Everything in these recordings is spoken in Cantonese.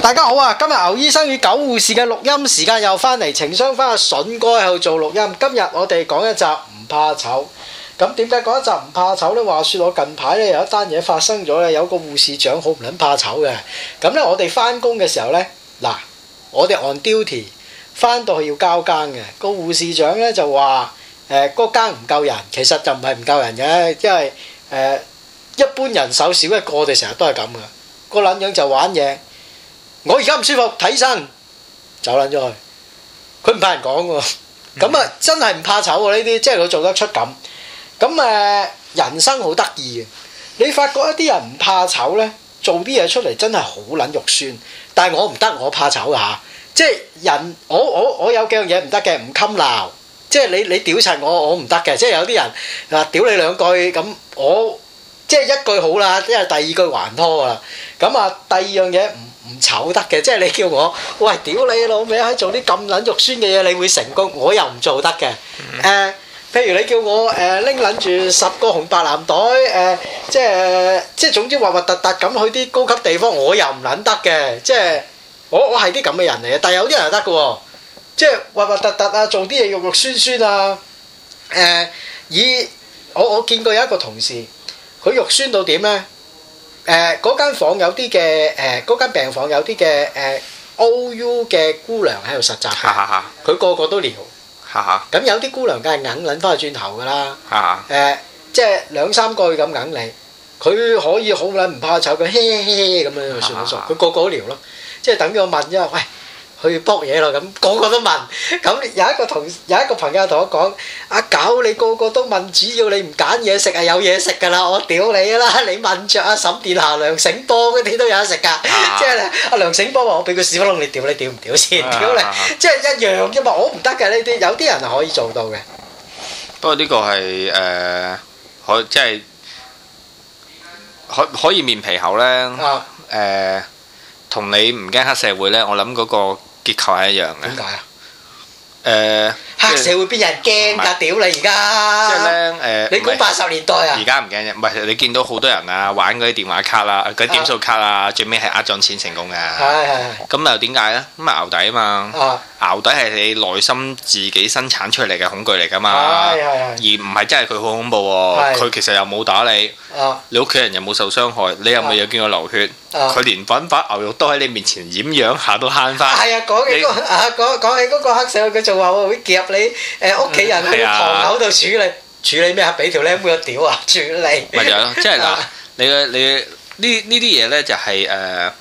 大家好啊！今日牛醫生與狗護士嘅錄音時間又返嚟，情商翻阿筍哥喺度做錄音。今日我哋講一集唔怕醜。咁點解講一集唔怕醜呢？話說我近排呢有一單嘢發生咗呢，有個護士長好唔捻怕醜嘅。咁呢，我哋返工嘅時候呢，嗱，我哋 on duty 翻到去要交更嘅，個護士長呢就話，誒，嗰更唔夠人，其實就唔係唔夠人嘅，因為、呃、一般人手少一個，我哋成日都係咁噶。個捻樣就玩嘢。我而家唔舒服，睇醫生，走捻咗去。佢唔怕人講噶，咁啊、嗯、真係唔怕醜喎！呢啲即係佢做得出咁。咁誒，人生好得意嘅。你發覺一啲人唔怕醜呢，做啲嘢出嚟真係好捻肉酸。但係我唔得，我怕醜吓、啊。即係人，我我我有幾樣嘢唔得嘅，唔襟鬧。即係你你屌柒我，我唔得嘅。即係有啲人啊，屌你兩句咁，我即係一句好啦，即係第二句還拖啦。咁啊，第二樣嘢唔。唔醜得嘅，即係你叫我喂，屌你老味，喺做啲咁撚肉酸嘅嘢，你會成功，我又唔做得嘅。誒、呃，譬如你叫我誒拎撚住十個紅白藍袋，誒、呃，即係、呃、即係總之核核突突咁去啲高級地方，我又唔撚得嘅。即係我我係啲咁嘅人嚟嘅，但係有啲人得㗎喎，即係核核突突啊，做啲嘢肉肉酸酸啊，誒、呃，以我我見過有一個同事，佢肉酸到點呢？誒嗰、呃、間房間有啲嘅誒嗰間病房有啲嘅誒 OU 嘅姑娘喺度實習，佢 個個都撩，咁 有啲姑娘梗係硬揾翻去轉頭㗎啦，誒、 呃、即係兩三個佢咁硬你，佢可以好捻唔怕醜，佢嘿嘿嘻嘻咁樣就算數，佢 個個都撩咯，即係等於我問啫，喂。去撲嘢咯，咁個個都問。咁有一個同有一個朋友同我講：阿狗你個個都問，只要你唔揀嘢食，係有嘢食㗎啦。我屌你啦，你問著阿沈殿霞、梁醒波嗰啲都有得食㗎，即係阿梁醒波話：我俾佢屎窟窿你屌，你屌唔屌先？屌你！即係一樣啫嘛，我唔得嘅呢啲，有啲人係可以做到嘅。不過呢個係誒，可即係可可以面皮厚咧。誒，同你唔驚黑社會咧，我諗嗰個。結構係一樣嘅。點解啊？誒，黑社會邊有人驚㗎？屌你而家！即係咧誒，你估八十年代啊？而家唔驚啫，唔係你見到好多人啊玩嗰啲電話卡啦，嗰啲點數卡啊，最尾係呃咗錢成功嘅。係係。咁又點解咧？咁啊牛底啊嘛。啊！牛底係你內心自己生產出嚟嘅恐懼嚟㗎嘛。而唔係真係佢好恐怖喎。佢其實又冇打你。你屋企人又冇受傷害，你又咪有見過流血？佢連粉粉牛肉都喺你面前染樣下都慳翻。係啊，講起講起嗰個黑社會，佢就話會夾你誒屋企人喺堂口度處理處理咩啊？俾條靚妹屌啊！處理咪就係咯，即係嗱，你嘅你呢呢啲嘢咧就係誒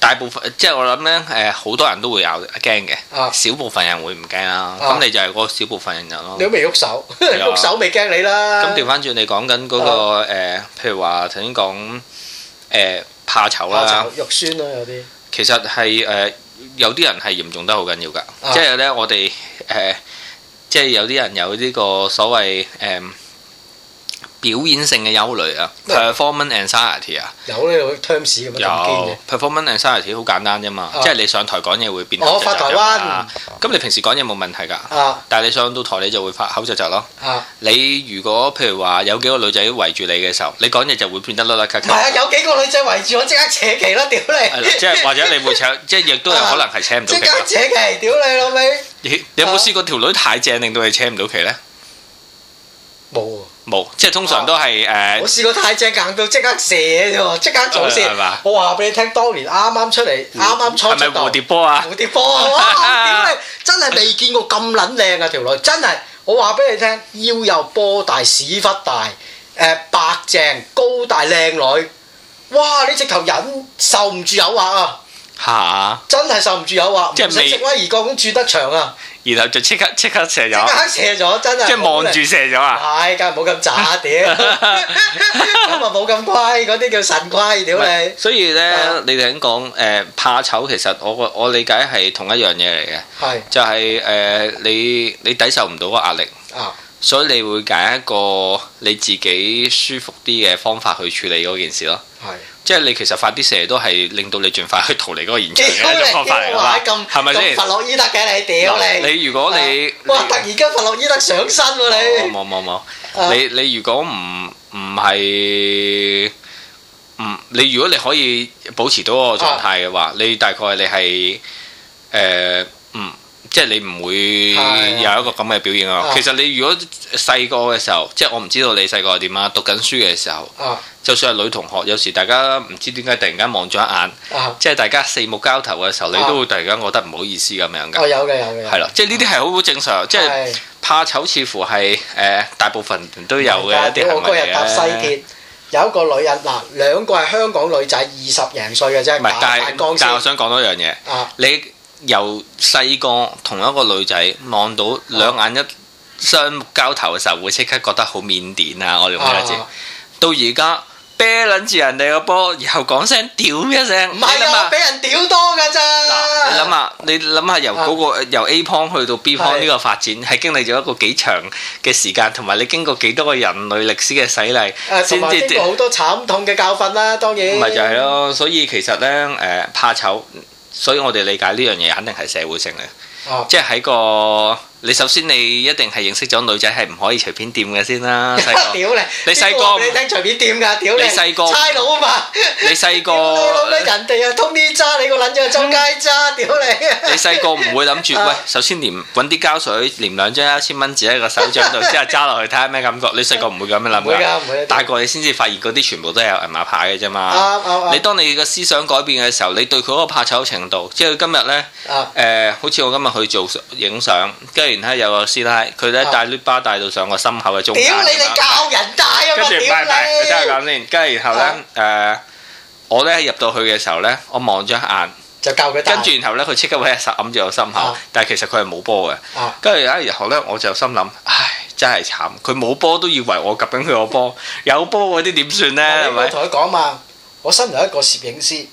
大部分，即係我諗咧誒，好多人都會有驚嘅，少部分人會唔驚啦。咁你就係嗰少部分人咯。你都未喐手，喐手未驚你啦。咁調翻轉，你講緊嗰個誒，譬如話頭先講。誒怕醜啦，肉酸啦有啲，其實係誒、呃、有啲人係嚴重得好緊要㗎，啊呃，即係咧我哋誒，即係有啲人有呢個所謂誒。呃表演性嘅憂慮啊，performance anxiety 啊，有呢 terms 咁 performance anxiety 好簡單啫嘛，即係你上台講嘢會變。我發台灣。咁你平時講嘢冇問題㗎。但係你上到台你就會發口窒窒咯。你如果譬如話有幾個女仔圍住你嘅時候，你講嘢就會變得甩甩卡卡。係啊，有幾個女仔圍住我，即刻扯旗咯，屌你！即係或者你會扯，即係亦都有可能係扯唔到旗。即刻扯旗，屌你老味！咦？有冇試過條女太正，令到你扯唔到旗咧？冇。冇，即係通常都係誒。啊呃、我試過太正硬到即刻射啫，即刻走先。射射呃、我話俾你聽，當年啱啱出嚟，啱啱、呃、初出道。係咪蝴蝶波啊？蝴蝶波啊！點解 真係未見過咁撚靚啊條女，真係我話俾你聽，腰又波大，屎忽大，誒、呃、白淨高大靚女。哇！你直頭忍受唔住誘惑啊！嚇、啊！真係受唔住誘惑，即係唔使食威而鋼，咁住得長啊！然後就即刻即刻射咗，即刻射咗，真係即係望住射咗啊！係、哎，梗係冇咁渣屌，咁啊冇咁乖，嗰啲叫神乖屌 你。所以咧，啊、你哋咁講怕醜，呃、其實我我理解係同一樣嘢嚟嘅，係是就係、是、誒、呃、你你抵受唔到個壓力、啊、所以你會揀一個你自己舒服啲嘅方法去處理嗰件事咯，係。即係你其實發啲蛇都係令到你盡快去逃離嗰個現場嘅方法嚟啦。係咪先？是是佛洛伊德嘅你屌你、嗯你，你，啊、你！你如果你哇突然間佛洛伊德上身喎你！冇冇冇！你你如果唔唔係唔你如果你可以保持到個狀態嘅話，啊、你大概你係誒、呃、嗯。即係你唔會有一個咁嘅表現啊！其實你如果細個嘅時候，即係我唔知道你細個係點啊。讀緊書嘅時候，就算係女同學，有時大家唔知點解突然間望咗一眼，即係大家四目交投嘅時候，你都會突然間覺得唔好意思咁樣嘅。有嘅有嘅。係啦，即係呢啲係好好正常，即係怕醜，似乎係誒大部分人都有嘅一定嘅問題搭西鐵，有一個女人嗱，兩個係香港女仔，二十零歲嘅啫，唔係，但係，但係我想講多一樣嘢，你。由細個同一個女仔望到兩眼一雙目交頭嘅時候，會即刻覺得好腼腆啊！我哋會得知到而家啤捻住人哋個波，然後講聲屌一聲，唔係啊，俾人屌多噶咋？你諗下，你諗下由嗰個由 A point 去到 B point 呢個發展，係經歷咗一個幾長嘅時間，同埋你經過幾多個人類歷史嘅洗禮，先同埋經好多慘痛嘅教訓啦，當然。唔咪就係咯，所以其實呢，誒，怕醜。所以我哋理解呢樣嘢，肯定係社會性嘅，哦，即係喺個。你首先你一定係認識咗女仔係唔可以隨便掂嘅先啦，細個。你細個唔你聽隨便掂噶，屌你！你細個差佬啊嘛， 你細、啊、個。嗯、 你人哋啊通啲揸，你個撚仔啊中街揸，屌你！你細個唔會諗住喂，首先黏揾啲膠水黏兩張一千蚊紙喺個手掌度，之後揸落去睇下咩感覺。 你細個唔會咁樣諗嘅。噶、啊，啊、大個你先至發現嗰啲全部都係有銀碼牌嘅啫嘛。啊啊啊、你當你嘅思想改變嘅時候，你對佢嗰個怕醜程度，即係佢今日咧誒，好似我今日去做影相，然後有個師奶，佢咧帶 lift bar 帶到上個心口嘅中間。屌你教人帶啊嘛，屌你！跟住唔係真係咁先。跟住然後咧，誒，我咧入到去嘅時候咧，我望咗一眼，就教佢。跟住然後咧，佢即刻位一實揞住我心口，但係其實佢係冇波嘅。跟住然後咧，我就心諗，唉，真係慘，佢冇波都以為我夾緊佢個波，有波嗰啲點算咧？我同佢講嘛，我身為一個攝影師。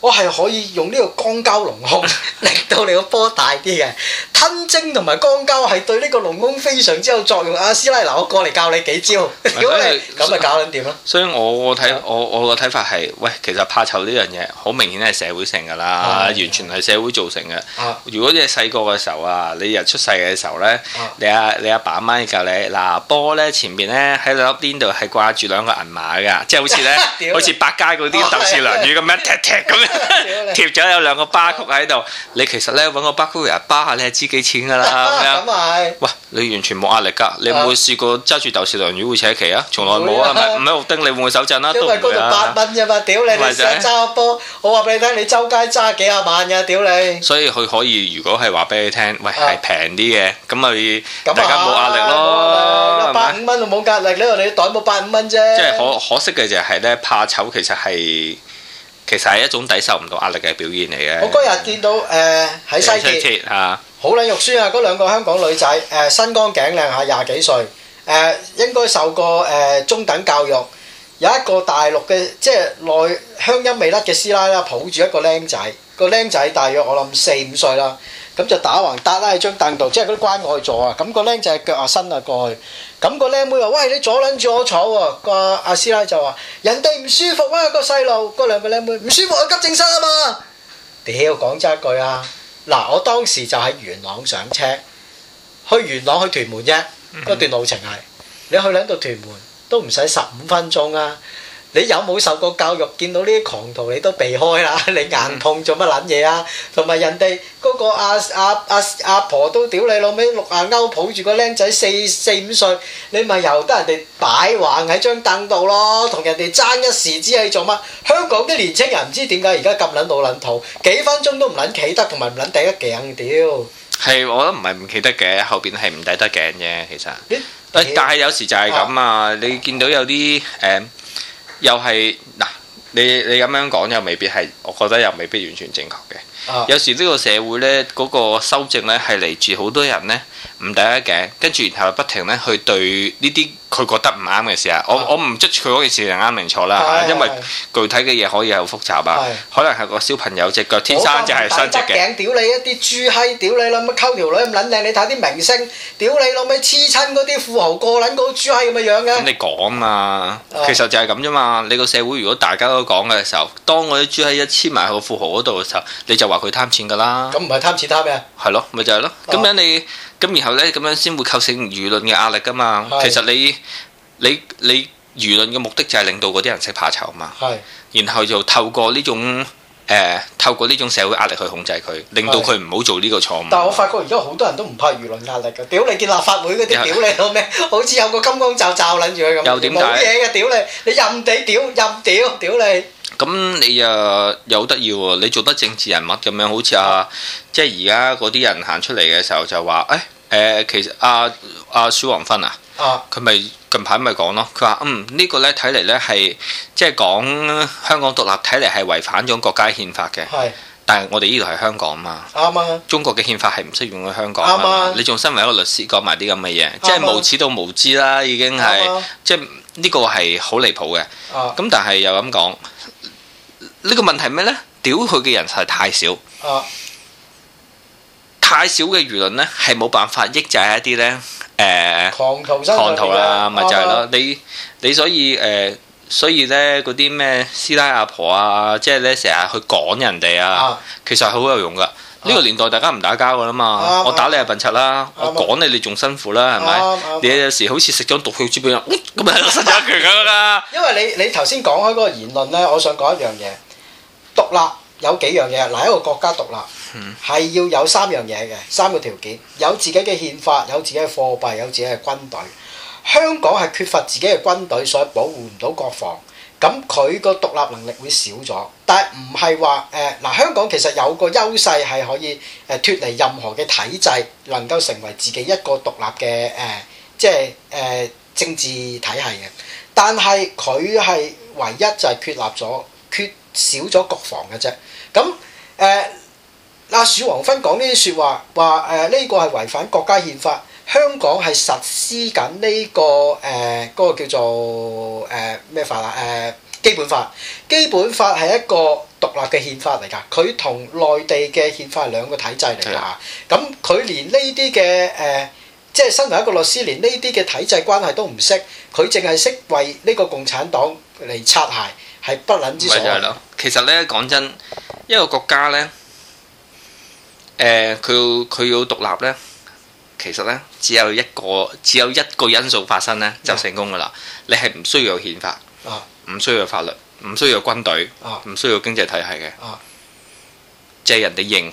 我係可以用呢個光膠隆胸，令到你個波大啲嘅。吞精同埋光膠係對呢個隆胸非常之有作用。阿師奶，嗱，我過嚟教你幾招，咁咪搞緊掂咯？所以我我睇我我個睇法係，喂，其實怕醜呢樣嘢，好明顯係社會性㗎啦，完全係社會造成嘅。如果你細個嘅時候啊，你日出世嘅時候咧，你阿你阿爸阿媽要教你，嗱，波咧前邊咧喺粒邊度係掛住兩個銀碼㗎，即係好似咧，好似百佳嗰啲豆豉鯪魚咁樣踢踢咁樣。貼咗有兩個巴曲喺度，你其實咧揾個巴曲人巴下你係知幾錢噶啦，咁樣。係。喂，你完全冇壓力噶，你有冇試過揸住豆豉鯪魚會扯旗啊？從來冇啊，唔喺屋丁你會唔會手震啦？唔會啊。因為嗰度八蚊啫嘛，屌你，你想揸波，我話俾你聽，你周街揸幾廿萬嘅，屌你。所以佢可以，如果係話俾你聽，喂係平啲嘅，咁咪大家冇壓力咯，八五蚊就冇壓力度你袋冇八五蚊啫。即係可可惜嘅就係咧，怕醜其實係其實係一種抵受唔到壓力嘅表現嚟嘅。我嗰日見到誒喺西鐵，好撚肉酸啊！嗰兩個香港女仔誒身光頸靚，嚇廿幾歲，誒應該受過誒中等教育。有一個大陸嘅即係內鄉音未甩嘅師奶啦，抱住一個僆仔，個僆仔大約我諗四五歲啦，咁就打橫搭喺張凳度，即係嗰啲關愛座啊，咁個僆仔腳啊伸啊過去。咁個靚妹話：喂，你阻撚住我坐喎！個阿師奶就話：人哋唔舒服，個細路，嗰兩個靚妹唔舒服，去急症室啊嘛！你要講真一句啊！嗱，我當時就喺元朗上車，去元朗去屯門啫，一段路程係，你去兩度屯門都唔使十五分鐘啊！你有冇受過教育？見到呢啲狂徒，你都避開啦！你硬碰做乜撚嘢啊？同埋人哋嗰個阿阿阿阿婆都屌你老味六啊歐抱住個僆仔四四五歲，你咪由得人哋擺橫喺張凳度咯，同人哋爭一時之氣做乜？香港啲年青人唔知點解而家咁撚老撚套，幾分鐘都唔撚企得，同埋唔撚頂得頸屌。係，我覺得唔係唔企得嘅，後邊係唔抵得頸啫。其實誒，但係有時就係咁啊！你見到有啲誒。又係嗱，你你咁樣講又未必係，我覺得又未必完全正確嘅。啊、有時呢個社會咧，嗰個修正咧係嚟自好多人咧。唔抵得頸，跟住然後不停咧去對呢啲佢覺得唔啱嘅事啊！我我唔執佢嗰件事係啱定錯啦，因為具體嘅嘢可以係好複雜啊。可能係個小朋友隻腳天生隻係雙隻嘅。屌你一啲豬閪，屌你咁樣溝條女咁撚靚，你睇啲明星，屌你咁樣黐親嗰啲富豪過撚個豬閪咁嘅樣嘅。咁你講啊，其實就係咁啫嘛。你個社會如果大家都講嘅時候，當我啲豬閪一黐埋去個富豪嗰度嘅時候，你就話佢貪錢噶啦。咁唔係貪錢貪咩？係咯，咪就係咯。咁樣你。咁然後呢，咁樣先會構成輿論嘅壓力噶嘛。是其實你你你輿論嘅目的就係令到嗰啲人識怕醜嘛。是然後就透過呢種誒、呃，透過呢種社會壓力去控制佢，令到佢唔好做呢個錯誤。但係我發覺而家好多人都唔怕輿論壓力嘅。屌你見立法會嗰啲屌你到咩？好似有個金剛罩罩撚住佢咁。又點冇嘢嘅屌你，你任地屌，任屌屌你。咁你又有得要喎？你做得政治人物咁樣，好似啊，即係而家嗰啲人行出嚟嘅時候就話誒誒，其實阿阿小黃芬啊，佢咪近排咪講咯？佢話嗯呢個咧睇嚟咧係即係講香港獨立，睇嚟係違反咗國家憲法嘅。但係我哋呢度係香港啊嘛，啱啊。中國嘅憲法係唔適用於香港嘛。你仲身為一個律師講埋啲咁嘅嘢，即係無恥到無知啦，已經係即係呢個係好離譜嘅。咁但係又咁講。呢個問題係咩咧？屌佢嘅人才太少，啊，太少嘅輿論咧係冇辦法抑制一啲咧，誒，狂徒啦，狂徒啦，咪就係咯，你你所以誒，所以咧嗰啲咩師奶阿婆啊，即係咧成日去趕人哋啊，其實係好有用噶。呢個年代大家唔打交噶啦嘛，我打你係笨柒啦，我趕你你仲辛苦啦，係咪？你有時好似食咗毒血珠咁樣，咁咪失咗權噶啦。因為你你頭先講開嗰個言論咧，我想講一樣嘢。獨立有幾樣嘢，嗱，一個國家獨立係要有三樣嘢嘅三個條件，有自己嘅憲法，有自己嘅貨幣，有自己嘅軍隊。香港係缺乏自己嘅軍隊，所以保護唔到國防，咁佢個獨立能力會少咗。但係唔係話誒嗱，香港其實有個優勢係可以誒脱離任何嘅體制，能夠成為自己一個獨立嘅誒、呃、即係誒、呃、政治體系嘅。但係佢係唯一就係缺立咗缺。少咗國防嘅啫，咁誒阿鼠黃芬講呢啲説話，話誒呢個係違反國家憲法，香港係實施緊呢、這個誒嗰、呃那個、叫做誒咩、呃、法啦？誒、呃、基本法，基本法係一個獨立嘅憲法嚟㗎，佢同內地嘅憲法係兩個體制嚟㗎，咁佢連呢啲嘅誒，即係身為一個律師，連呢啲嘅體制關係都唔識，佢淨係識為呢個共產黨嚟擦鞋。係不能之所。咪就係咯，其實咧講真，一個國家咧，誒佢佢要獨立咧，其實咧只有一個只有一個因素發生咧就成功噶啦。你係唔需要有憲法，唔需要法律，唔需要軍隊，唔需要經濟體系嘅，即係人哋認。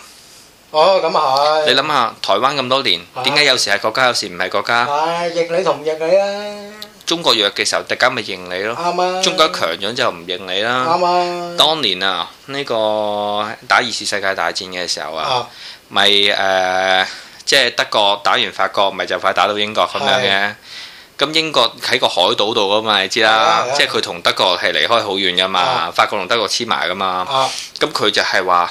哦，咁啊係。你諗下台灣咁多年，點解有時係國家，有時唔係國家？係認你同唔認你啊！中國弱嘅時候，突然間咪認你咯。嗯、中國強咗之後就唔認你啦。啱、嗯、當年啊，呢、這個打二次世界大戰嘅時候啊，咪誒、啊呃，即係德國打完法國，咪就快打到英國咁樣嘅。咁、嗯嗎嗯、英國喺個海島度啊嘛，你知啦，嗯、即係佢同德國係離開好遠噶嘛，嗯、法國同德國黐埋噶嘛。咁佢就係話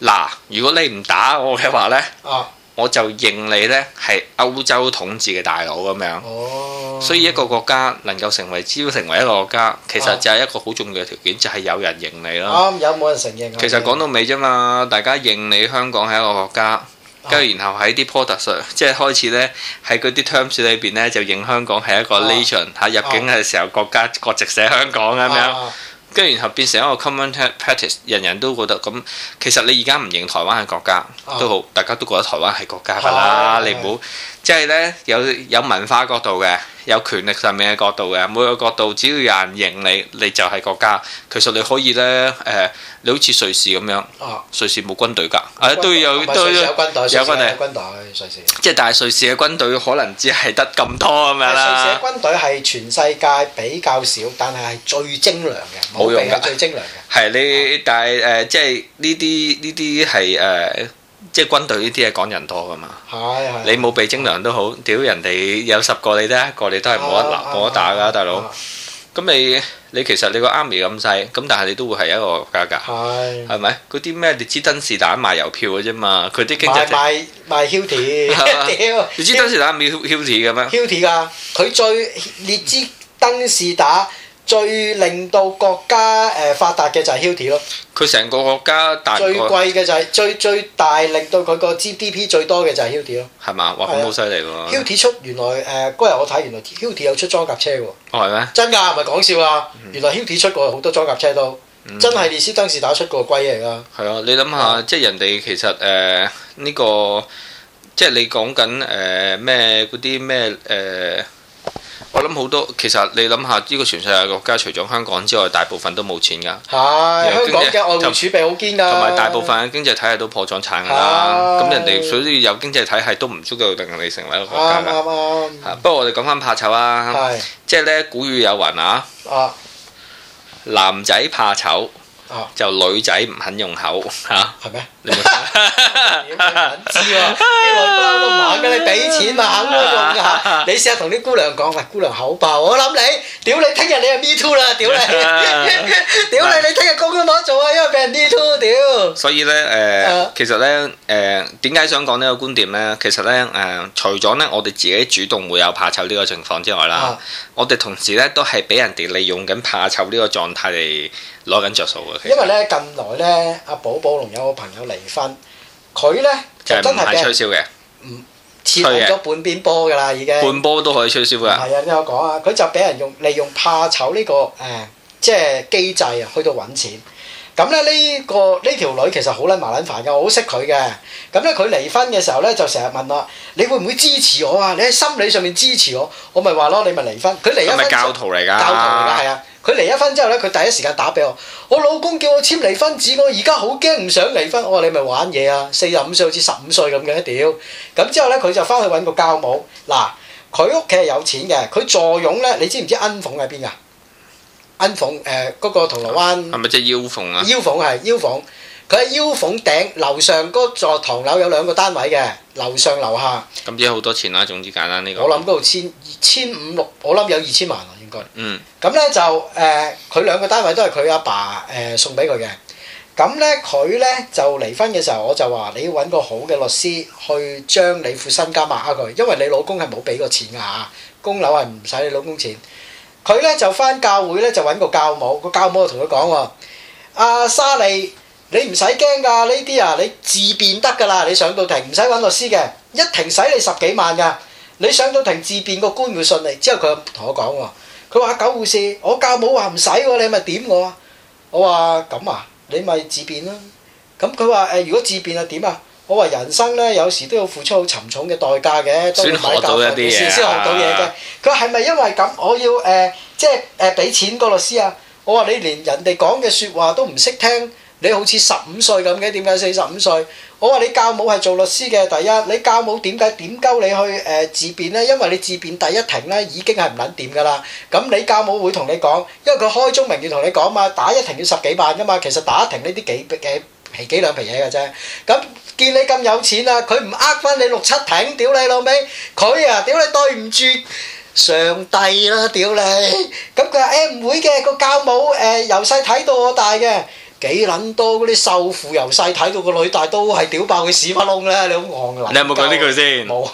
嗱，如果你唔打我嘅話呢。嗯」嗯我就認你呢係歐洲統治嘅大佬咁樣。哦、所以一個國家能夠成為只要成為一個國家，其實就係一個好重要嘅條件，就係、是、有人認你咯、嗯。有冇人承認？其實講到尾啫嘛，嗯、大家認你香港係一個國家，跟住、啊、然後喺啲 passport 即係開始呢，喺嗰啲 terms 裏邊呢，就認香港係一個 nation 嚇、啊、入境嘅時候國家國籍寫香港咁樣。啊啊跟住，然後變成一個 common practice，人人都覺得咁。其實你而家唔認台灣係國家、oh. 都好，大家都覺得台灣係國家㗎啦。Oh. 你唔好。即係咧，有有文化角度嘅，有權力上面嘅角度嘅，每個角度只要有人認你，你就係國家。其實你可以咧，誒，你好似瑞士咁樣，啊，瑞士冇軍隊㗎，啊都有都有有軍隊，瑞士。即係但係瑞士嘅軍隊可能只係得咁多咁樣啦。瑞士嘅軍隊係全世界比較少，但係係最精良嘅，冇用係最精良嘅。係你，但係誒，即係呢啲呢啲係誒。即係軍隊呢啲嘢講人多㗎嘛，你冇備精良都好，屌，人哋有十個，你得一個，你都係冇得拿，冇得打㗎，大佬。咁你你其實你個 army 咁細，咁但係你都會係一個價格，係咪？嗰啲咩列支登士打賣郵票嘅啫嘛，佢啲經濟賣賣賣 Hilti，屌你知登士打咪 Hilti 嘅咩？Hilti 㗎，佢最列支登士打。最令到國家誒發達嘅就係 Hilti 咯，佢成個國家大。最貴嘅就係最最大力到佢個 GDP 最多嘅就係 Hilti 咯。係嘛？哇！咁好犀利喎。Hilti 出，原來誒嗰日我睇原來 Hilti 有出裝甲車喎。係咩？真㗎，唔係講笑啊！原來 Hilti 出過好多裝甲車都，真係列斯登士打出過個龜嚟㗎。係啊！你諗下，即係人哋其實誒呢個，即係你講緊誒咩嗰啲咩誒。我諗好多，其實你諗下呢個全世界國家除咗香港之外，大部分都冇錢噶係、哎、香港嘅外匯儲就備好堅噶，同埋大部分經濟體系都破咗產噶啦。咁、哎、人哋所以有經濟體系都唔足夠令你成為一個國家噶哎哎哎、不過我哋講翻怕醜啊，哎、即係呢古語有云啊，哎、男仔怕醜。就女仔唔肯用口吓，係咩？你冇錢知喎，啲女包個馬嘅，你俾錢咪肯用噶。你試下同啲姑娘講，喂，姑娘口爆，我諗你屌你，聽日你係 me too 啦，屌你，屌你，你聽日工都冇得做啊，因為俾人 me too 屌。所以咧，誒，其實咧，誒，點解想講呢個觀點咧？其實咧，誒，除咗咧，我哋自己主動會有怕醜呢個情況之外啦，我哋同時咧都係俾人哋利用緊怕醜呢個狀態嚟。攞緊着數嘅，因為咧近來咧阿寶寶龍有個朋友離婚，佢咧就真係俾人吹銷嘅，唔撤咗半邊波嘅啦，已經半波都可以吹銷噶。唔係啊，聽我講啊，佢就俾人用利用怕醜呢個誒、呃，即係機制啊，去到揾錢。咁咧呢、呢個呢條、呢個、女其實好撚麻撚煩嘅，我好識佢嘅。咁咧佢離婚嘅時候咧，就成日問我：你會唔會支持我啊？你喺心理上面支持我？我咪話咯，你咪離婚。佢離咗婚，婚係係教徒嚟㗎，教徒嚟㗎，係啊。佢離咗婚之後咧，佢第一時間打俾我，我老公叫我簽離婚紙，我而家好驚唔想離婚。我、哦、話你咪玩嘢啊，四十五歲好似十五歲咁嘅一屌！咁之後咧，佢就翻去揾個教母。嗱，佢屋企係有錢嘅，佢坐擁咧，你知唔知恩鳳喺邊啊？恩鳳誒，嗰、呃那個銅鑼灣係咪即係腰鳳啊？腰鳳係腰鳳，佢喺腰，腰鳳頂樓上嗰座唐樓有兩個單位嘅，樓上樓下。咁而家好多錢啦，總之簡單呢個。我諗嗰度千千五六，我諗有二千萬。嗯，咁咧就誒，佢、呃、兩個單位都係佢阿爸誒、呃、送俾佢嘅。咁咧佢咧就離婚嘅時候，我就話你要揾個好嘅律師去將你副身家掹啊佢，因為你老公係冇俾過錢㗎嚇，供樓係唔使你老公錢。佢咧就返教會咧就揾個教母，個教母就同佢講阿莎莉，你唔使驚㗎，呢啲啊你自辯得㗎啦。你上到庭唔使揾律師嘅，一庭使你十幾萬㗎。你上到庭自辯個官會信你。之後佢同我講佢話九護士，我教母話唔使喎，你咪點我？我話咁啊，你咪自便啦，啊。咁佢話誒，如果自便啊點啊？我話人生咧，有時都要付出好沉重嘅代價嘅，都要買教訓嘅先學到嘢嘅，啊。佢話係咪因為咁？我要誒、呃，即係誒俾錢個律師啊？我話你連人哋講嘅説話都唔識聽。你好似十五歲咁嘅，點解四十五歲？我話你教母係做律師嘅，第一你教母點解點鳩你去誒自辯咧？因為你自辯第一庭咧已經係唔撚掂㗎啦。咁你教母會同你講，因為佢開宗明義同你講嘛，打一庭要十幾萬㗎嘛。其實打一庭呢啲幾幾皮幾兩皮嘢㗎啫。咁見你咁有錢啦，佢唔呃翻你六七庭，屌你老味！佢啊，屌你對唔住上帝啦，屌你！咁佢話誒唔會嘅，個教母誒由細睇到我大嘅。幾撚多嗰啲瘦父由細睇到個女，大都係屌爆佢屎窟窿嘅，你咁戇鳩！你有冇講呢句先？冇，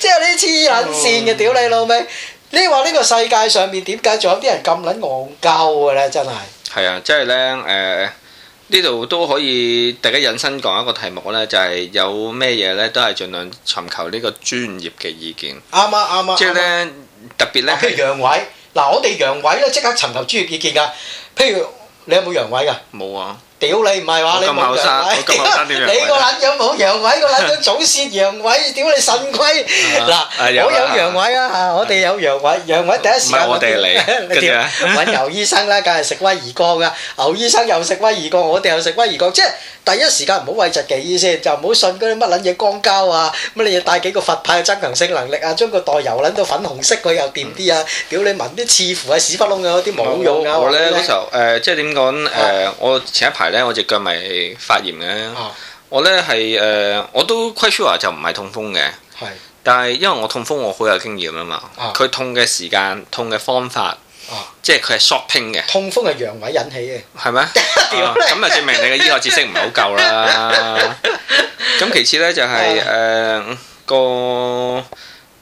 即係呢黐撚線嘅，屌你老味！你話呢個世界上面點解仲有啲人咁撚戇鳩嘅咧？真係。係啊，即係咧誒，呢度都可以大家引申講一個題目咧，就係有咩嘢咧都係盡量尋求呢個專業嘅意見。啱啊啱啊！即係咧特別咧，譬如陽痿，嗱我哋陽痿咧即刻尋求專業意見㗎，譬如。你有冇陽痿㗎？冇啊。屌你唔係話你咁後生，你個撚樣冇陽痿，個撚樣早洩陽痿，屌你腎虧嗱，我有陽痿啊嚇，我哋有陽痿，陽痿第一時間揾唔係我哋嚟，你點揾牛醫生咧？梗係食威而鋼啊！牛醫生又食威而鋼，我哋又食威而鋼，即係第一時間唔好諱疾忌醫先，就唔好信嗰啲乜撚嘢光膠啊！乜你要帶幾個佛牌增強性能力啊？將個袋油撚到粉紅色，佢又掂啲啊！屌你聞啲似乎啊屎忽窿嘅啲冇用啊！我咧嗰時候誒，即係點講誒？我前一排。咧我隻腳咪發炎嘅，我咧係誒，我都 confirm 就唔係痛風嘅，係，但係因為我痛風我好有經驗啊嘛，佢痛嘅時間，痛嘅方法，即係佢係 shopping 嘅，痛風係陽痿引起嘅，係咪？咁就證明你嘅醫學知識唔係好夠啦。咁其次咧就係誒個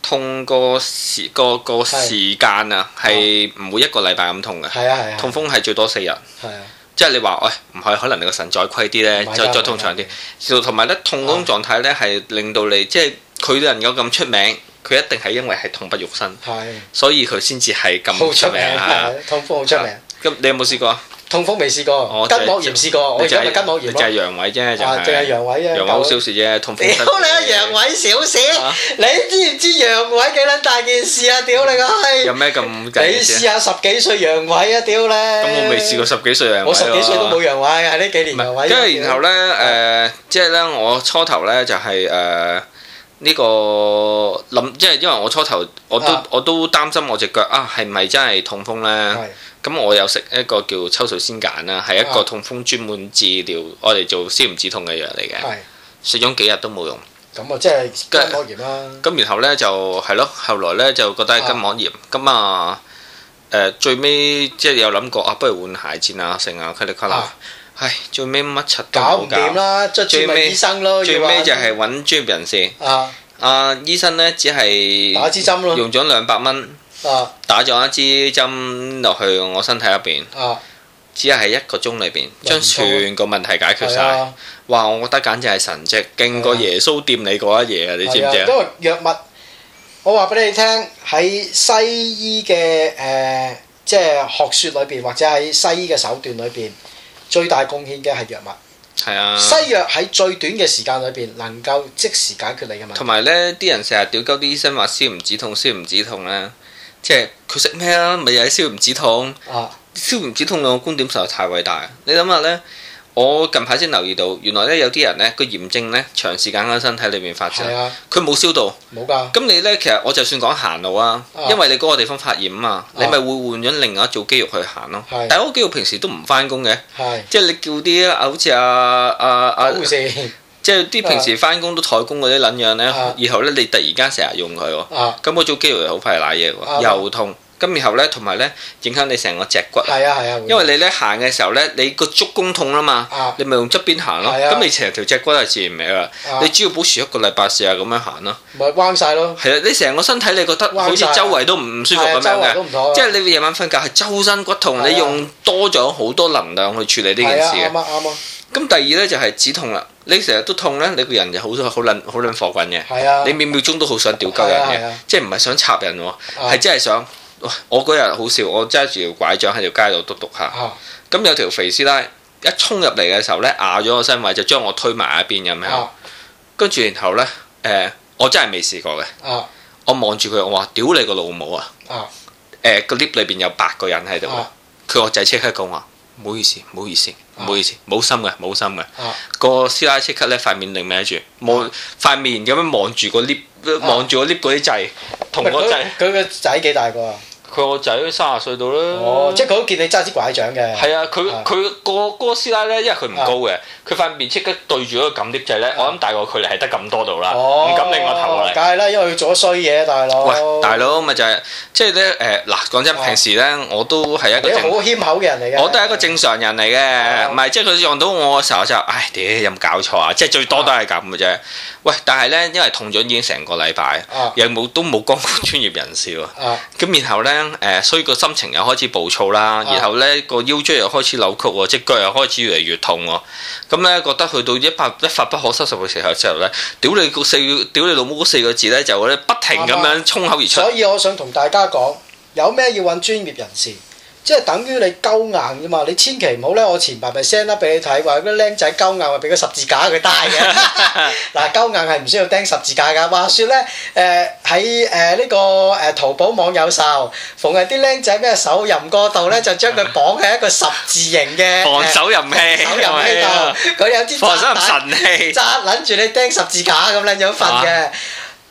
痛個時個個時間啊，係唔會一個禮拜咁痛嘅，係啊係啊，痛風係最多四日，係啊。即係你話，喂、哎，唔可以，可能你個腎再虧啲咧，再再通常啲，就同埋咧痛嗰種狀態咧，係令到你的即係佢能夠咁出名，佢一定係因為係痛不欲生，係的，所以佢先至係咁出名，好出名啊！痛風好出名，咁、啊、你有冇試過啊？痛風未試過，筋膜炎試過。我今日筋膜炎就係陽痿啫，就係。啊，就係陽痿啫。陽痿好小事啫，痛風。屌你啊！陽痿小事，你知唔知陽痿幾撚大件事啊？屌你個閪！有咩咁緊要啫？你試下十幾歲陽痿啊！屌你！咁我未試過十幾歲啊！我十幾歲都冇陽痿啊！喺呢幾年陽痿。跟住然後咧，誒，即係咧，我初頭咧就係誒呢個諗，即係因為我初頭我都我都擔心我隻腳啊，係唔係真係痛風咧？咁我有食一個叫秋水仙鹼啦，係一個痛風專門治療，我哋做消炎止痛嘅藥嚟嘅。食咗幾日都冇用。咁啊，即係跟關炎啦。咁然後咧就係咯，後來咧就覺得跟關炎咁啊，誒最尾即係有諗過啊，不如換鞋墊啊，成啊，咳嚟咳啦。唉，最尾乜七都冇搞掂啦，最尾醫生咯，最尾就係揾專業人士。啊啊，醫生咧只係打支針咯，用咗兩百蚊。打咗一支針落去我身體入邊，只係一個鐘裏邊，將全個問題解決晒。哇！我覺得簡直係神蹟，勁過耶穌掂你嗰一嘢啊！你知唔知啊？因為藥物，我話俾你聽喺西醫嘅誒，即係學說裏邊或者喺西醫嘅手段裏邊，最大貢獻嘅係藥物。係啊！西藥喺最短嘅時間裏邊能夠即時解決你嘅問題。同埋呢啲人成日屌鳩啲醫生話消唔止痛消唔止痛呢？」即係佢食咩啊？咪又係消炎止痛。啊、消炎止痛個觀點實在太偉大。你諗下呢，我近排先留意到，原來呢有啲人呢個炎症呢，長時間喺身體裏面發症。佢冇消到。冇㗎的。咁你呢，其實我就算講行路啊，啊因為你嗰個地方發炎啊嘛，啊你咪會換咗另外一組肌肉去行咯、啊。是但係我肌肉平時都唔返工嘅。是即係你叫啲、啊、好似阿阿阿。啊啊啊 即係啲平時翻工都抬工嗰啲撚樣咧，然後咧你突然間成日用佢，咁嗰種肌肉又好快瀨嘢喎，又痛。咁然後咧，同埋咧影響你成個脊骨。因為你咧行嘅時候咧，你個足弓痛啊嘛，你咪用側邊行咯。咁你成條脊骨係自然歪啦。你只要保持一個禮拜試下咁樣行咯。咪彎晒咯。係啊，你成個身體你覺得好似周圍都唔舒服咁樣嘅，即係你夜晚瞓覺係周身骨痛，你用多咗好多能量去處理呢件事嘅。咁第二咧就係、是、止痛啦。你成日都痛咧，你個人就好好撚好撚火滾嘅。係啊！亂亂對你秒秒鐘都好想屌鳩人嘅，即係唔係想插人喎？係對真係想。我嗰日好笑，我揸住條拐杖喺條街度篤篤下。咁對、嗯、有條肥師奶一衝入嚟嘅時候咧，壓咗我身位就將我推埋一邊，咁冇？跟住然後咧，誒、呃，我真係未試過嘅、嗯。我望住佢，我話：屌你個老母啊！哦、嗯。誒、呃，個 lift 裏邊有八個人喺度。佢個仔即刻講話：唔好意思，唔好意思。唔好意思，冇心嘅，冇心嘅。啊、那個師奶即刻咧，塊面擰埋住，望塊面咁樣望住個 lift，望住個 lift 嗰啲仔，同個仔。佢個仔幾大個啊？佢個仔都三十歲到啦，哦，即係佢都見你揸支拐杖嘅。係啊，佢佢個哥師奶咧，因為佢唔高嘅，佢塊面即刻對住嗰個撳啲掣咧，我諗大概距離係得咁多度啦，唔敢另我頭過嚟。梗係啦，因為佢做咗衰嘢，大佬。喂，大佬咪就係即係咧誒嗱，講真，平時咧我都係一個好謙厚嘅人嚟嘅，我都係一個正常人嚟嘅，唔係即係佢用到我嘅時候就唉屌有冇搞錯啊！即係最多都係咁嘅啫。喂，但係咧，因為痛咗已經成個禮拜，啊、又冇都冇光顧專業人士喎。咁、啊、然後咧，誒、呃，所以個心情又開始暴躁啦。啊、然後咧，個腰椎又開始扭曲喎，隻腳又開始越嚟越痛喎。咁、嗯、咧，覺得去到一百一發不可收拾嘅時候之後咧，屌你個四，屌你老母嗰四個字咧，就咧不停咁樣衝口而出，嗯啊。所以我想同大家講，有咩要揾專業人士？即係等於你鳩硬啫嘛！你千祈唔好咧，我前排咪 send 咗俾你睇，話嗰啲僆仔鳩硬，話俾個十字架佢戴嘅。嗱，鳩硬係唔需要釘十字架噶。話說咧，誒喺誒呢個誒淘寶網有售，逢係啲僆仔咩手淫過度咧，就將佢綁喺一個十字形嘅防手淫器，手淫喺度。佢有啲扎攬住你釘十字架咁樣樣訓嘅。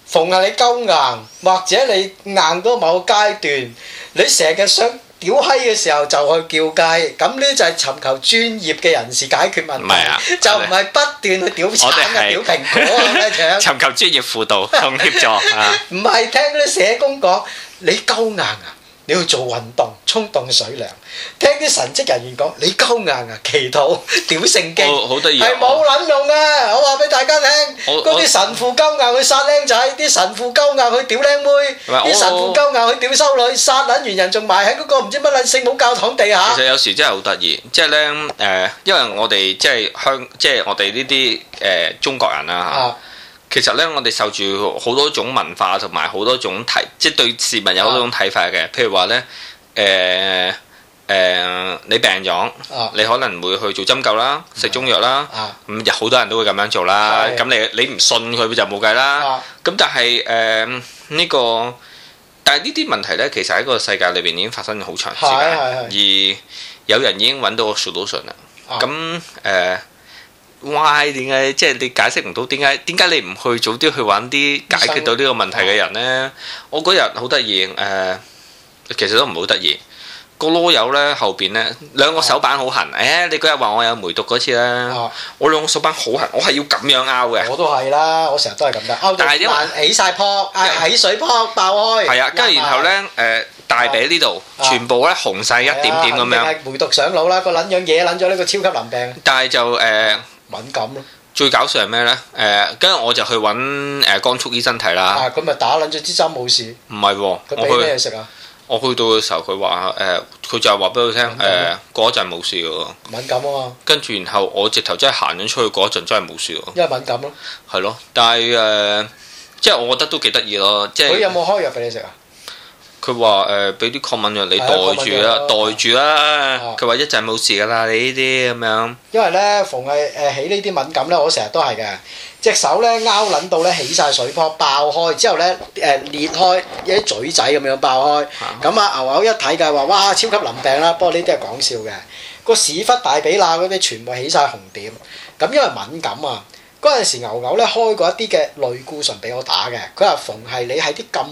逢係你鳩硬，或者你硬到某個階段，你成日嘅傷。屌閪嘅時候就去叫雞，咁呢就係尋求專業嘅人士解決問題，啊、就唔係不斷去屌橙啊、屌蘋果啊、搶。 尋求專業輔導同協助唔係 聽啲社工講你夠硬啊！你要做運動沖凍水涼，聽啲神職人員講你鳩硬啊，祈禱屌聖經，係冇撚用啊！我話俾大家聽，嗰啲神父鳩硬去殺僆仔，啲神父鳩硬去屌僆妹，啲神父鳩硬去屌修女，殺撚完人仲埋喺嗰個唔知乜撚聖母教堂地下。其實有時真係好得意，即係呢誒，因為我哋即係香，即係我哋呢啲誒中國人啊嚇。其實咧，我哋受住好多種文化同埋好多種睇，即係對市民有好多種睇法嘅。譬如話咧，誒誒，你病咗，你可能會去做針灸啦，食中藥啦，咁好多人都會咁樣做啦。咁你你唔信佢，就冇計啦。咁但係誒呢個，但係呢啲問題咧，其實喺個世界裏邊已經發生咗好長時間，而有人已經揾到個 solution 啦。咁誒。why，點解，即係你解釋唔到點解，點解你唔去早啲去揾啲解決到呢個問題嘅人咧？我嗰日好得意誒，其實都唔好得意。個囉柚咧後邊咧兩個手板好痕。誒，你嗰日話我有梅毒嗰次咧，我兩個手板好痕，我係要咁樣拗嘅。我都係啦，我成日都係咁嘅。拗到爛起曬泡，啊，起水泡爆開。係啊，跟住然後咧誒，大髀呢度全部咧紅曬一點點咁樣。梅毒上腦啦，個撚樣惹撚咗呢個超級淋病。但係就誒。敏感咯、啊，最搞笑係咩咧？誒、呃，跟住我就去揾江、呃、速醫生睇啦。啊，佢咪打撚咗支針冇事。唔係喎，佢俾咩食啊？我去到嘅時候，佢話誒，佢、呃、就話俾我聽誒，嗰陣冇事嘅喎。敏感啊嘛。跟住、呃啊、然後我直頭真係行咗出去，嗰陣真係冇事喎。因為敏感咯、啊。係咯，但係誒、呃，即係我覺得都幾得意咯，即係。佢有冇開藥俾你食啊？佢話誒，俾啲抗敏藥你袋住啦，袋住啦。佢話一陣冇事㗎啦，你呢啲咁樣。因為咧，逢係誒起呢啲敏感咧，我成日都係嘅。隻手咧，拗撚到咧，起曬水泡，爆開之後咧，誒裂開一啲嘴仔咁樣爆開。咁啊牛牛一睇㗎話，哇，超級臨病啦！不過呢啲係講笑嘅。個屎忽大髀啦，嗰啲全部起曬紅點。咁因為敏感啊，嗰陣時牛牛咧開過一啲嘅類固醇俾我打嘅。佢話逢係你喺啲咁。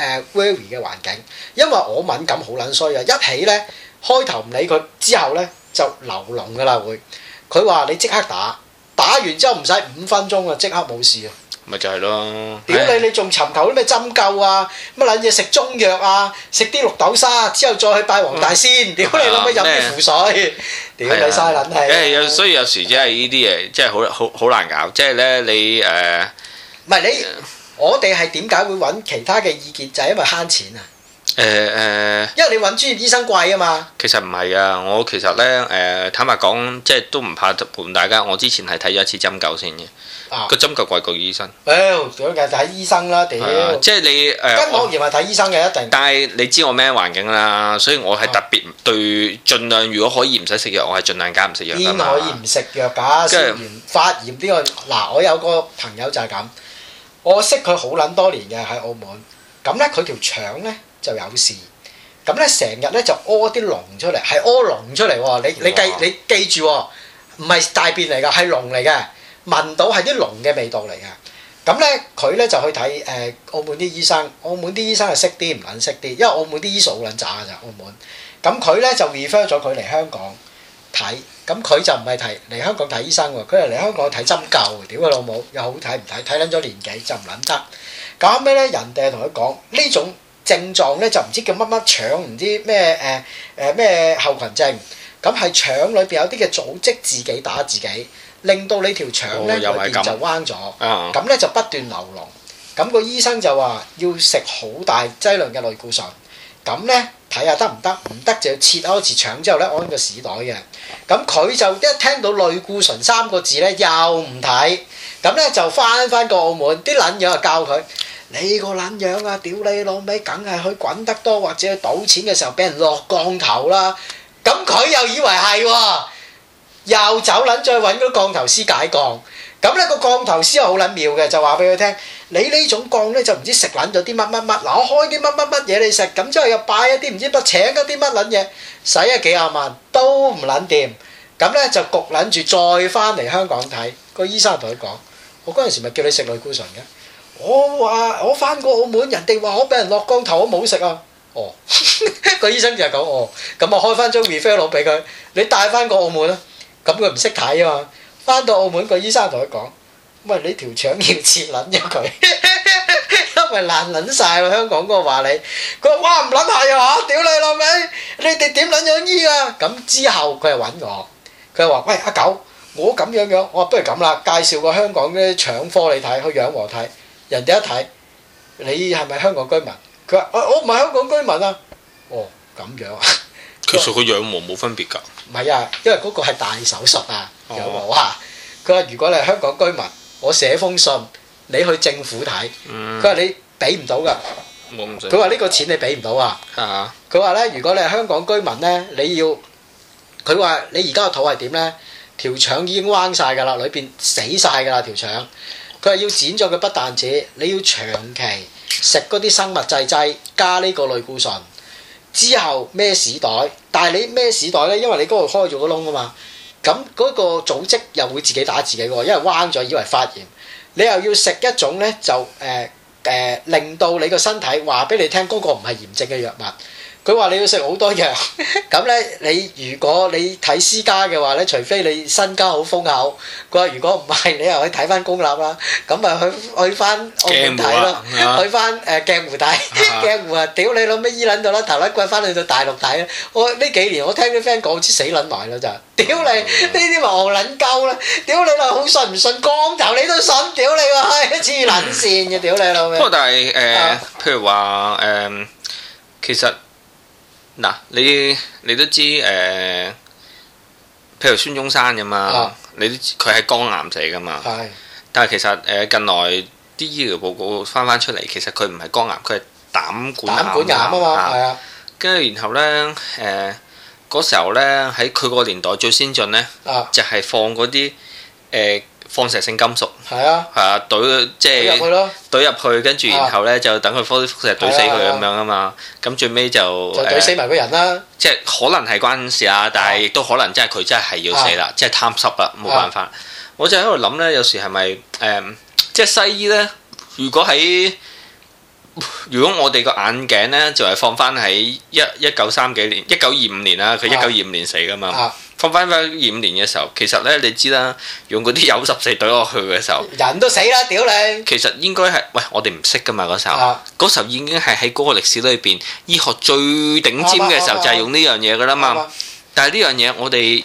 誒 v y 嘅環境，因為我敏感好撚衰啊！一起咧，開頭唔理佢，之後咧就流膿㗎喇會。佢話你即刻打，打完之後唔使五分鐘啊，即刻冇事啊。咪就係咯，屌你！你仲尋求啲咩針灸啊？乜撚嘢食中藥啊？食啲綠豆沙之後再去拜黃大仙，屌你老味飲啲符水，屌你嘥撚氣。係啊，所以有時真係呢啲嘢真係好好好難搞。即係咧你誒，唔係你。我哋係點解會揾其他嘅意見？就係、是、因為慳錢啊！誒誒、呃，呃、因為你揾專業醫生貴啊嘛。其實唔係啊，我其實咧誒、呃，坦白講，即係都唔怕盤大家。我之前係睇咗一次針灸先嘅，個、啊、針灸貴過醫生。屌、哎，咁梗係睇醫生啦屌！啊、即係你誒，跟我一樣係睇醫生嘅一定。呃、但係你知我咩環境啦，所以我係特別對盡量，盡量如果可以唔使食藥，我係盡量揀唔食藥。邊可以唔食藥㗎、啊？食完為發炎呢、這個嗱，我有個朋友就係咁。我識佢好撚多年嘅，喺澳門，咁咧佢條腸咧就有事，咁咧成日咧就屙啲龍出嚟，係屙龍出嚟喎、哦！你哇你記你記住、哦，唔係大便嚟㗎，係龍嚟嘅，聞到係啲龍嘅味道嚟嘅。咁咧佢咧就去睇誒、呃、澳門啲醫生，澳門啲醫生係識啲唔撚識啲，因為澳門啲醫術好撚渣㗎咋，澳門。咁佢咧就 refer 咗佢嚟香港睇。咁佢就唔係提嚟香港睇醫生喎，佢係嚟香港睇針灸。屌佢老母，又好睇唔睇，睇撚咗年紀就唔撚得。咁咩咧？人哋同佢講呢種症狀咧，就唔知叫乜乜腸，唔知咩誒誒咩後群症。咁係腸裏邊有啲嘅組織自己打自己，令到你條腸咧裏邊就彎咗。啊，咁咧就不斷流膿。咁個醫生就話要食好大劑量嘅類固醇。咁咧睇下得唔得，唔得就要切開次腸之後咧，安個屎袋嘅。咁佢就一聽到類固醇三個字咧，又唔睇。咁咧就翻翻個澳門，啲撚樣啊教佢，你個撚樣啊，屌你老味，梗係去滾得多或者去賭錢嘅時候俾人落降頭啦。咁佢又以為係喎，又走撚再揾個降頭師解降。咁咧個降頭師係好撚妙嘅，就話俾佢聽：你呢種降咧就唔知食撚咗啲乜乜乜，攞開啲乜乜乜嘢你食，咁之後又擺一啲唔知乜請嗰啲乜撚嘢，使咗幾廿萬都唔撚掂。咁咧就焗撚住再翻嚟香港睇個醫生同佢講：我嗰陣時咪叫你食類固醇嘅。我話我翻過澳門，人哋話我俾人落降頭，我冇食啊。哦，個醫生就講：哦，咁我開翻張 referral 俾佢，你帶翻過澳門啊。咁佢唔識睇啊嘛。翻到澳門個醫生同佢講：喂，你條腸要切撚咗佢，因為爛撚晒啦！香港嗰個話你，佢話：哇唔撚係啊嚇，屌你老味！你哋點撚樣醫啊？咁之後佢又揾我，佢又話：喂阿狗，我咁樣樣，我話不如咁啦，介紹個香港嘅腸科你睇，去養和睇。人哋一睇，你係咪香港居民？佢話：我我唔係香港居民啊。哦，咁樣啊。其實佢養和冇分別㗎。唔係啊，因為嗰個係大手術啊。有冇啊，佢話、哦：如果你係香港居民，我寫封信，你去政府睇。佢話、嗯、你俾唔到㗎。我佢話呢個錢你俾唔到啊。佢話咧，如果你係香港居民咧，你要佢話你而家個肚係點咧？條腸已經彎晒㗎啦，裏邊死晒㗎啦條腸。佢話要剪咗佢，不但止，你要長期食嗰啲生物製劑加呢個類固醇，之後孭屎袋。但係你孭屎袋咧，因為你嗰度開咗個窿啊嘛。咁嗰個組織又會自己打自己喎，因為彎咗以為發炎，你又要食一種咧就誒誒、呃呃、令到你個身體話俾你聽嗰、嗰個唔係炎症嘅藥物。佢話你要食好多藥，咁咧你如果你睇私家嘅話咧，除非你身家好豐厚。佢話如果唔係，你又去睇翻公立啦。咁咪去去翻澳門睇咯，去翻誒鏡湖睇鏡湖啊！屌你老味依撚度啦，頭甩骨翻去到大陸睇咧。我呢幾年我聽啲 friend 講，我知死撚埋啦就係。屌你！呢啲咪毛撚鳩啦！屌你老好信唔信光頭你都信？屌你個閪黐撚線嘅！屌你老味！不過但係誒，譬如話誒，其實。嗱，你你都知誒、呃，譬如孫中山嘅嘛，啊、你佢係肝癌死㗎嘛，的但係其實誒、呃、近來啲醫療報告翻翻出嚟，其實佢唔係肝癌，佢係膽管癌啊嘛，係啊，跟住的然後咧誒，嗰、呃、時候咧喺佢個年代最先進咧，啊、就係放嗰啲誒。呃放射性金屬係啊，係啊，就是、堆即係堆入去，跟住然後咧、啊、就等佢放射性堆死佢咁樣啊嘛，咁最尾就，就堆死埋個人啦。即係、呃就是、可能係關事啊，但係亦都可能即係佢真係要死啦，即係貪濕啦，冇辦法。啊、我就喺度諗咧，有時係咪誒？即、呃、係、就是、西醫咧，如果喺如果我哋個眼鏡呢，就係、是、放翻喺一一九三幾年，一九二五年啦，佢一九二五年死噶嘛，啊、放翻翻二五年嘅時候，其實呢，你知啦，用嗰啲有十四懟落去嘅時候，人都死啦，屌你！其實應該係喂，我哋唔識噶嘛嗰時候，嗰、啊、時候已經係喺嗰個歷史裏邊醫學最頂尖嘅時候，啊啊啊啊、就係用呢樣嘢噶啦嘛。啊啊啊啊、但係呢樣嘢我哋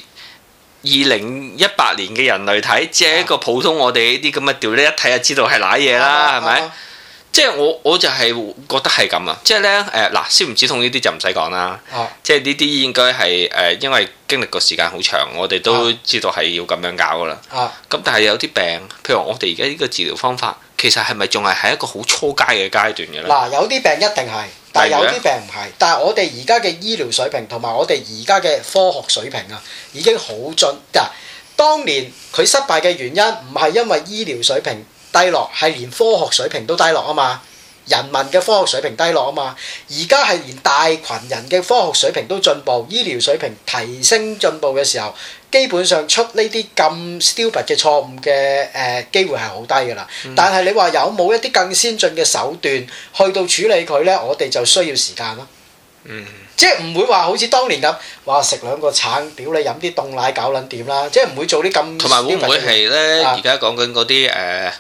二零一八年嘅人類睇，只係一個普通我哋呢啲咁嘅調呢，一睇就知道係瀨嘢啦，係咪、啊？啊啊啊即係我我就係覺得係咁、呃、啊！即係咧誒，嗱，消炎止痛呢啲就唔使講啦。即係呢啲應該係誒，因為經歷過時間好長，我哋都知道係要咁樣搞噶啦。啊，咁但係有啲病，譬如我哋而家呢個治療方法，其實係咪仲係喺一個好初階嘅階段嘅咧？嗱，有啲病一定係，但係有啲病唔係。但係我哋而家嘅醫療水平同埋我哋而家嘅科學水平啊，已經好準。嗱，當年佢失敗嘅原因唔係因為醫療水平。低落係連科學水平都低落啊嘛，人民嘅科學水平低落啊嘛，而家係連大羣人嘅科學水平都進步，醫療水平提升進步嘅時候，基本上出呢啲咁 stupid 嘅錯誤嘅誒機會係好低㗎啦。但係你話有冇一啲更先進嘅手段去到處理佢咧？我哋就需要時間囉。嗯，即係唔會話好似當年咁話食兩個橙，屌你飲啲凍奶搞撚點啦。即係唔會做啲咁同埋會唔會係咧？而家講緊嗰啲誒。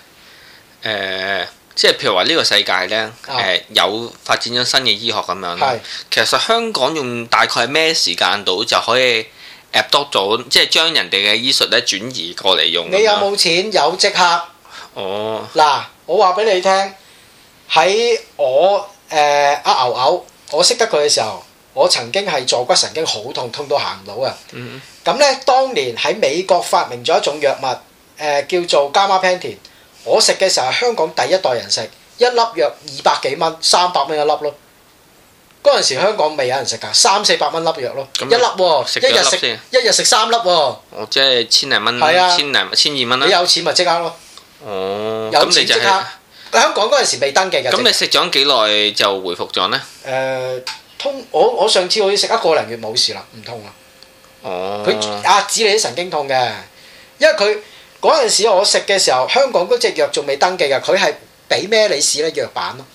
誒、呃，即係譬如話呢個世界咧，誒、哦呃、有發展咗新嘅醫學咁樣啦。是其實香港用大概咩時間到就可以 adopt 咗，即係將人哋嘅醫術咧轉移過嚟用。你有冇錢？有即刻。哦。嗱，我話俾你聽，喺我誒阿、呃、牛牛，我識得佢嘅時候，我曾經係坐骨神經好痛，痛到行唔到啊。嗯嗯。咁咧，當年喺美國發明咗一種藥物，誒、呃、叫做 gabapentin。我食嘅時候係香港第一代人食，一粒藥二百幾蚊，三百蚊一粒咯。嗰陣時香港未有人食㗎，三四百蚊粒藥咯，一粒喎，一日食一日食三粒喎。哦，即係千零蚊，千零千二蚊啦。你有錢咪即刻咯。哦，有錢即刻。喺香港嗰陣時未登記㗎。咁你食咗幾耐就回復咗呢？誒，通我我上次好似食一個零月冇事啦，唔痛啦。哦。佢壓止你啲神經痛嘅，因為佢。嗰陣時我食嘅時候，香港嗰隻藥仲未登記嘅，佢係俾咩你試咧藥板咯？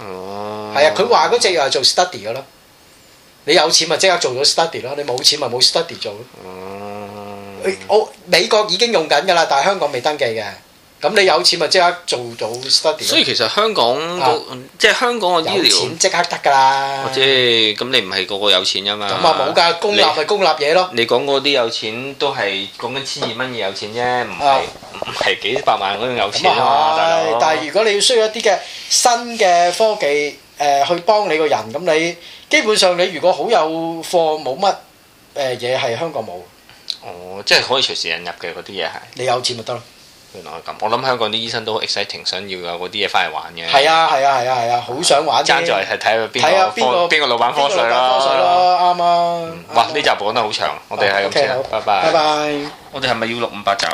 哦，uh，係啊，佢話嗰隻藥係做 study 嘅咯。你有錢咪即刻做咗 study 咯，你冇錢咪冇 study 做咯。哦，我美國已經用緊㗎啦，但係香港未登記嘅。咁你有錢咪即刻做到 study？所以其實香港、那個啊、即係香港嘅醫療有錢即刻得㗎啦。即係咁，你唔係個個有錢㗎嘛？咁啊冇㗎，公立咪公立嘢咯。你講嗰啲有錢都係講緊千二蚊嘢有錢啫，唔係唔係幾百萬嗰啲有錢。但係如果你要需要一啲嘅新嘅科技誒、呃、去幫你個人，咁你基本上你如果好有貨冇乜誒嘢係香港冇。哦，即、就、係、是、可以隨時引入嘅嗰啲嘢係。你有錢咪得咯。原來係咁，我諗香港啲醫生都 exciting 想要有嗰啲嘢翻嚟玩嘅。係啊，係啊，係啊，係啊，好想玩。爭在係睇下邊個邊個邊個老闆科水科水咯，啱啊！哇，呢集講得好長，我哋係咁先，拜拜。拜拜，我哋係咪要錄五百集？